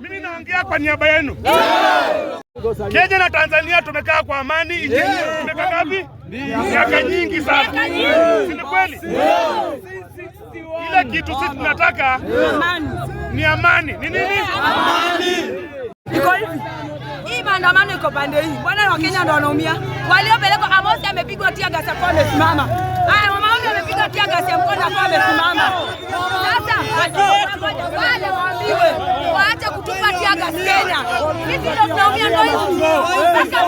Mimi naongea kwa niaba yenu. Kenya na Tanzania tumekaa kwa amani, tumekaa ngapi? Miaka nyingi sana. Si kweli? kitu sisi tunataka ni amani. Ni nini eh, amani? Iko hivi hii maandamano iko pande hii, bwana wa Kenya ndo wanaumia, waliopelekwa Amosi amepigwa tia gasi kwa amesimama. Haya, mama huyu amepigwa tia gasi ya mkono kwa amesimama. Sasa wale waambiwe waache kutupa tia gasi Kenya, sisi ndo tunaumia, ndo hivi sasa.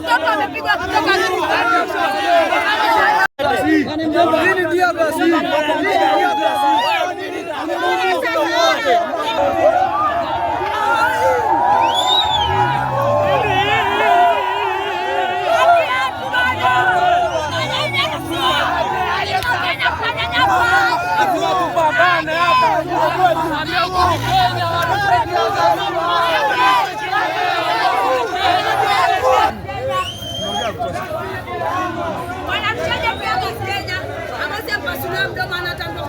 Mtoto amepigwa kutoka Wanamtaja pia Kenya amesema sura mdomo anatangua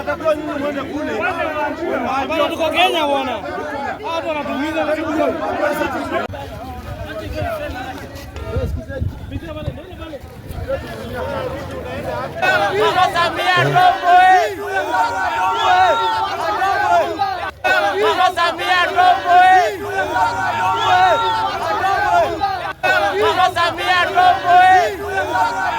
Anatakiwa nyinyi mwende kule. Bado tuko Kenya bwana. Hapo anatumiza na kitu. Mama Samia Kombo eh. Mama Samia Kombo eh. Mama Samia Kombo eh.